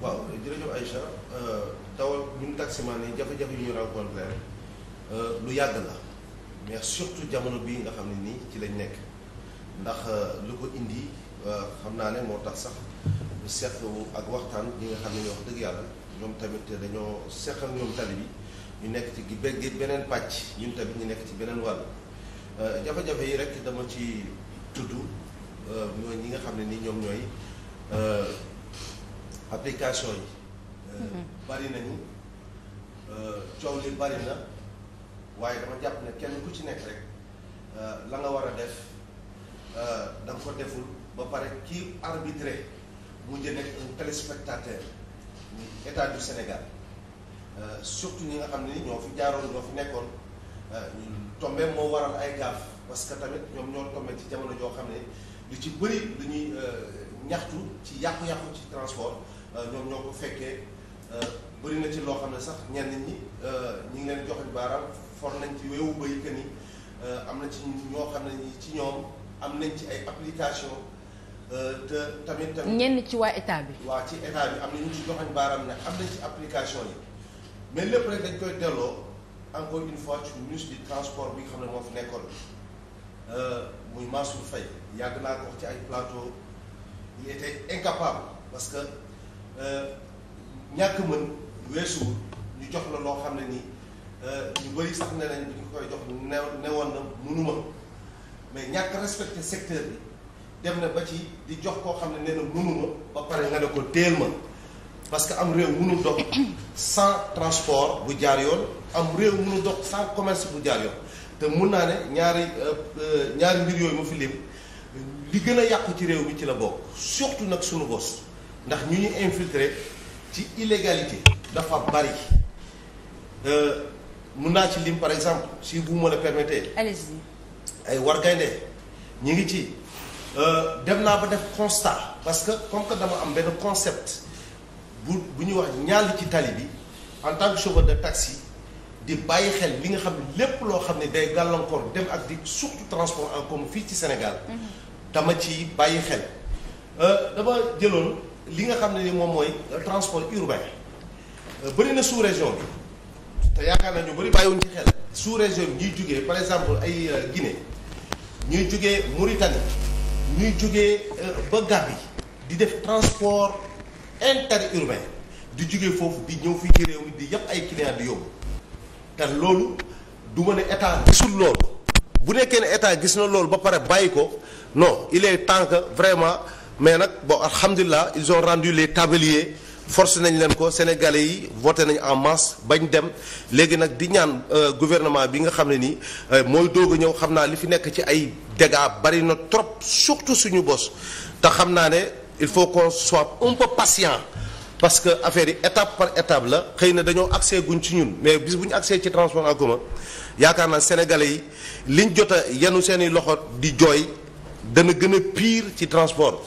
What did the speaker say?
waaw jërëjëf Aïcha euh, dawal ñun taximaan yi jafe-jafe yu ñu rencontré euh, lu yàgg la mais surtout jamono bii nga xam ne nii ci lañ nekk ndax euh, lu ko indi xam naa ne moo tax sax lu seq ak waxtaan ñi nga xam ne ñoo dëgg yàlla ñoom tamit dañoo seq ak ñoom tali bi ñu nekk ci gi beneen pàcc ñun tamit ñu nekk ci beneen wàll jafe yi rek dama ci tudd ñooy ñi nga xam ne nii ñoom ñooy. application yi. Mhm. Euh, bari nañu euh, coow li bari na waaye dama jàpp ne kenn ku ci nekk rek euh, la nga war a def da nga ko deful ba pare kii arbitré mu jën nekk un téléspectateur ni état du Sénégal surtout ñi nga xam ne ñoo fi jaaroon ñoo fi nekkoon tombé moo a ay gaaf parce que tamit ñoom ñoo tombé ci jamono joo xam ne lu ci bëri lu ñuy. ñaxtu ci yàqu-yàqu ci transport euh, ñoom ñoo ko fekkee euh, bëri na ci loo xam ne sax ñenn ñi euh, ñi ngi leen joxoñ baaraam for nañ ci wéewu bëy que ni am na ci ñoo xam ne ci ñoom am nañ ci ay application te tamit tamit ñenn ci waa état bi waa ci état bi am na ñu ci joxoñ baaraam ne am nañ ci application yi mais lépp rek dañ koy delloo encore une fois ci ministre du transport bi nga xam ne moo fi nekkoon muy Mansour Faye yàgg naa ko ci ay plateau il était incapable parce que euh, ñàkk mën weesuwul ñu jox la loo xam ne nii euh, ñu bëri sax ne nañ bi ñu koy jox ne ne woon na ma mais ñàkk respecté secteur bi dem na ba ci di jox koo xam ne nee na mënuma ba pare nga ne ko teel ma parce que am réew mu mënul dox sans transport bu jaar yoon am réew mu mënul dox sans commerce bu jaar yoon te mun naa ne ñaari euh, ñaari mbir yooyu ma fi lim li gën a yàqu ci réew mi ci la bokk surtout nag sunu bos ndax ñu ñu infiltré ci illégalité dafa bari euh, mun naa ci lim par exemple si vous me le permettez. allez ay war gaynde ñu ngi ci euh, dem naa ba def constat parce que comme que dama am benn concept bu bu ñu wax ñaal ci tali bi en tant que chauffeur de taxi. di bàyyi xel li nga xam ne lépp loo xam ne day gàllankoor dem ak di surtout transport en comme fii ci Sénégal. Mhm. dama ci bàyyi xel. Euh, dama jëloon li nga xam ne ni moom mooy transport urbain euh, bëri na sous région bi te yaakaar naa ñu bëri bàyyiwuñ ci xel sous région bi ñuy jugee par exemple ay euh, Guinée ñuy jugee Mauritanie ñuy jugee ba Gàmbi di def transport interurbain di jugee foofu di ñëw fii ci réew mi di yëpp ay clients di yóbbu. te loolu du ma ne état gisul loolu bu nekkee ne état gis na loolu ba pare bàyyi ko non il est temps que vraiment mais nag bo alhamdulilah ils ont rendu les force nañ leen ko sénégalais yi voté nañ en masse bañ dem léegi nag di ñaan euh, gouvernement bi nga xam ne nii euh, mooy doog ñëw xam naa li fi nekk ci ay dégâts bari na trop surtout suñu bos te xam naa ne il faut qu'on soit un peu patient. parce que affaire yi étape par étape la xëy na dañoo accès guñ ci ñun mais bis bu ñu accès ci transport en yaakaar naa sénégalais yi liñ jot a yenu seen i loxo di jooy dana gën a pire ci transport.